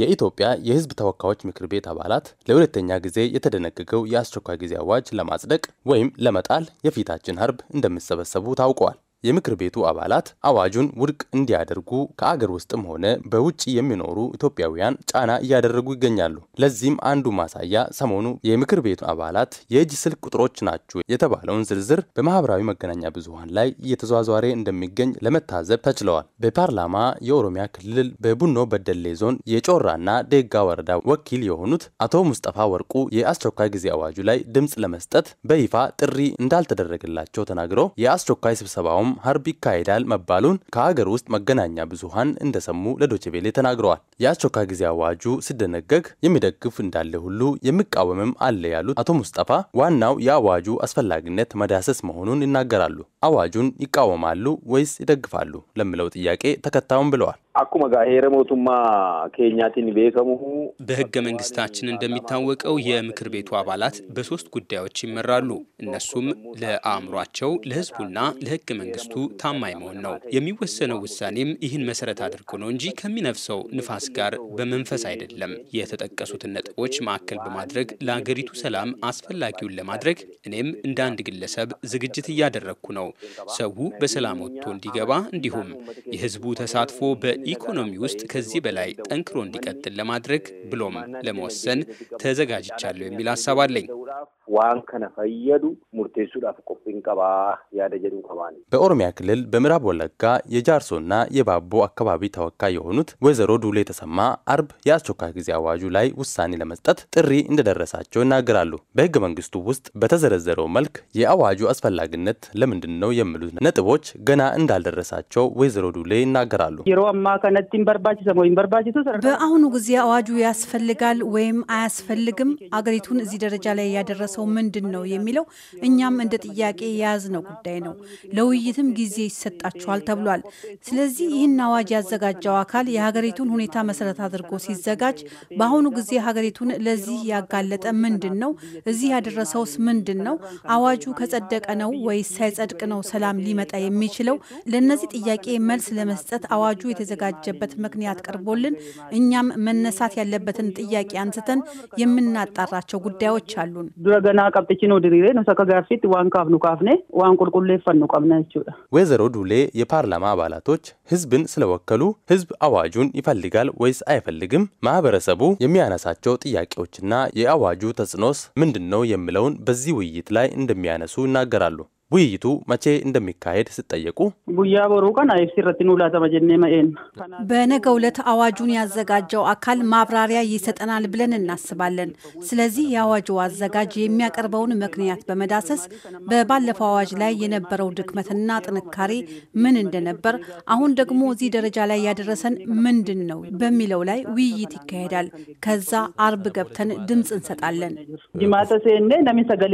የኢትዮጵያ የሕዝብ ተወካዮች ምክር ቤት አባላት ለሁለተኛ ጊዜ የተደነገገው የአስቸኳይ ጊዜ አዋጅ ለማጽደቅ ወይም ለመጣል የፊታችን አርብ እንደሚሰበሰቡ ታውቀዋል። የምክር ቤቱ አባላት አዋጁን ውድቅ እንዲያደርጉ ከአገር ውስጥም ሆነ በውጭ የሚኖሩ ኢትዮጵያውያን ጫና እያደረጉ ይገኛሉ። ለዚህም አንዱ ማሳያ ሰሞኑ የምክር ቤቱ አባላት የእጅ ስልክ ቁጥሮች ናቸው የተባለውን ዝርዝር በማህበራዊ መገናኛ ብዙሀን ላይ እየተዟዟረ እንደሚገኝ ለመታዘብ ተችለዋል። በፓርላማ የኦሮሚያ ክልል በቡኖ በደሌ ዞን የጮራና ደጋ ወረዳ ወኪል የሆኑት አቶ ሙስጠፋ ወርቁ የአስቸኳይ ጊዜ አዋጁ ላይ ድምፅ ለመስጠት በይፋ ጥሪ እንዳልተደረገላቸው ተናግረው የአስቸኳይ ስብሰባውም ፕሮግራም ሀርብ ይካሄዳል መባሉን ከሀገር ውስጥ መገናኛ ብዙሀን እንደሰሙ ለዶችቤሌ ተናግረዋል። የአስቸኳይ ጊዜ አዋጁ ሲደነገግ የሚደግፍ እንዳለ ሁሉ የሚቃወምም አለ ያሉት አቶ ሙስጠፋ ዋናው የአዋጁ አስፈላጊነት መዳሰስ መሆኑን ይናገራሉ። አዋጁን ይቃወማሉ ወይስ ይደግፋሉ ለሚለው ጥያቄ ተከታዩን ብለዋል። አኩመ ጋ ሄረ ሞቱማ ኬኛቲን ቤከሙ በህገ መንግስታችን እንደሚታወቀው የምክር ቤቱ አባላት በሶስት ጉዳዮች ይመራሉ። እነሱም ለአእምሯቸው፣ ለህዝቡና ለህገ መንግስቱ ታማኝ መሆን ነው። የሚወሰነው ውሳኔም ይህን መሰረት አድርጎ ነው እንጂ ከሚነፍሰው ንፋስ ጋር በመንፈስ አይደለም። የተጠቀሱትን ነጥቦች ማዕከል በማድረግ ለአገሪቱ ሰላም አስፈላጊውን ለማድረግ እኔም እንደ አንድ ግለሰብ ዝግጅት እያደረግኩ ነው። ሰው በሰላም ወጥቶ እንዲገባ እንዲሁም የህዝቡ ተሳትፎ በ ኢኮኖሚ ውስጥ ከዚህ በላይ ጠንክሮ እንዲቀጥል ለማድረግ ብሎም ለመወሰን ተዘጋጅቻለሁ የሚል ሀሳብ አለኝ። በኦሮሚያ ክልል በምዕራብ ወለጋ የጃርሶና የባቦ አካባቢ ተወካይ የሆኑት ወይዘሮ ዱሌ የተሰማ አርብ የአስቸኳይ ጊዜ አዋጁ ላይ ውሳኔ ለመስጠት ጥሪ እንደደረሳቸው ይናገራሉ። በህገ መንግስቱ ውስጥ በተዘረዘረው መልክ የአዋጁ አስፈላጊነት ለምንድን ነው የሚሉት ነጥቦች ገና እንዳልደረሳቸው ወይዘሮ ዱሌ ይናገራሉ። የሮ አማ ከነቲ በርባችሰ በርባችቱ በአሁኑ ጊዜ አዋጁ ያስፈልጋል ወይም አያስፈልግም፣ አገሪቱን እዚህ ደረጃ ላይ ያደረሰው ምንድን ነው የሚለው እኛም እንደ ጥያቄ የያዝነው ጉዳይ ነው። ለውይይትም ጊዜ ይሰጣችኋል ተብሏል። ስለዚህ ይህን አዋጅ ያዘጋጀው አካል የሀገሪቱን ሁኔታ መሰረት አድርጎ ሲዘጋጅ በአሁኑ ጊዜ ሀገሪቱን ለዚህ ያጋለጠ ምንድን ነው? እዚህ ያደረሰውስ ምንድን ነው? አዋጁ ከጸደቀ ነው ወይስ ሳይጸድቅ ነው ሰላም ሊመጣ የሚችለው? ለእነዚህ ጥያቄ መልስ ለመስጠት አዋጁ የተዘጋ የተዘጋጀበት ምክንያት ቀርቦልን እኛም መነሳት ያለበትን ጥያቄ አንስተን የምናጣራቸው ጉዳዮች አሉን። ዱረገና ቀብጥችን ወድሪሬ ነሰከ ጋፊት ዋን ካፍኑ ካፍኔ ዋን ቁልቁሌ ፈኑ ቀብነ ወይዘሮ ዱሌ የፓርላማ አባላቶች ህዝብን ስለወከሉ ህዝብ አዋጁን ይፈልጋል ወይስ አይፈልግም? ማህበረሰቡ የሚያነሳቸው ጥያቄዎችና የአዋጁ ተጽዕኖስ ምንድን ነው የሚለውን በዚህ ውይይት ላይ እንደሚያነሱ ይናገራሉ። ውይይቱ መቼ እንደሚካሄድ ስጠየቁ ጉያ በሩ ቀን አይፍሲ ረት ኑላተመ ጀኔ መኤን በነገ ውለት አዋጁን ያዘጋጀው አካል ማብራሪያ ይሰጠናል ብለን እናስባለን። ስለዚህ የአዋጁ አዘጋጅ የሚያቀርበውን ምክንያት በመዳሰስ በባለፈው አዋጅ ላይ የነበረው ድክመትና ጥንካሬ ምን እንደነበር፣ አሁን ደግሞ እዚህ ደረጃ ላይ ያደረሰን ምንድን ነው በሚለው ላይ ውይይት ይካሄዳል። ከዛ አርብ ገብተን ድምፅ እንሰጣለን። ጅማተ ሴኔ ነሚሰገሌ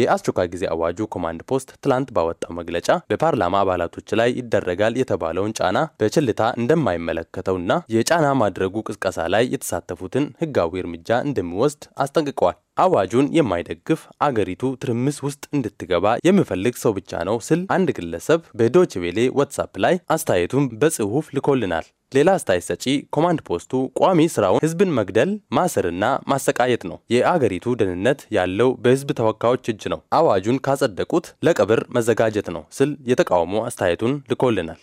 የአስቸኳይ ጊዜ አዋጁ ኮማንድ ፖስት ትላንት ባወጣው መግለጫ በፓርላማ አባላቶች ላይ ይደረጋል የተባለውን ጫና በችልታ እንደማይመለከተውና የጫና ማድረጉ ቅስቀሳ ላይ የተሳተፉትን ሕጋዊ እርምጃ እንደሚወስድ አስጠንቅቀዋል። አዋጁን የማይደግፍ አገሪቱ ትርምስ ውስጥ እንድትገባ የሚፈልግ ሰው ብቻ ነው ስል አንድ ግለሰብ በዶችቬሌ ዋትሳፕ ላይ አስተያየቱን በጽሁፍ ልኮልናል። ሌላ አስተያየት ሰጪ ኮማንድ ፖስቱ ቋሚ ስራውን ህዝብን መግደል፣ ማሰርና ማሰቃየት ነው። የአገሪቱ ደህንነት ያለው በህዝብ ተወካዮች እጅ ነው። አዋጁን ካጸደቁት ለቀብር መዘጋጀት ነው ስል የተቃውሞ አስተያየቱን ልኮልናል።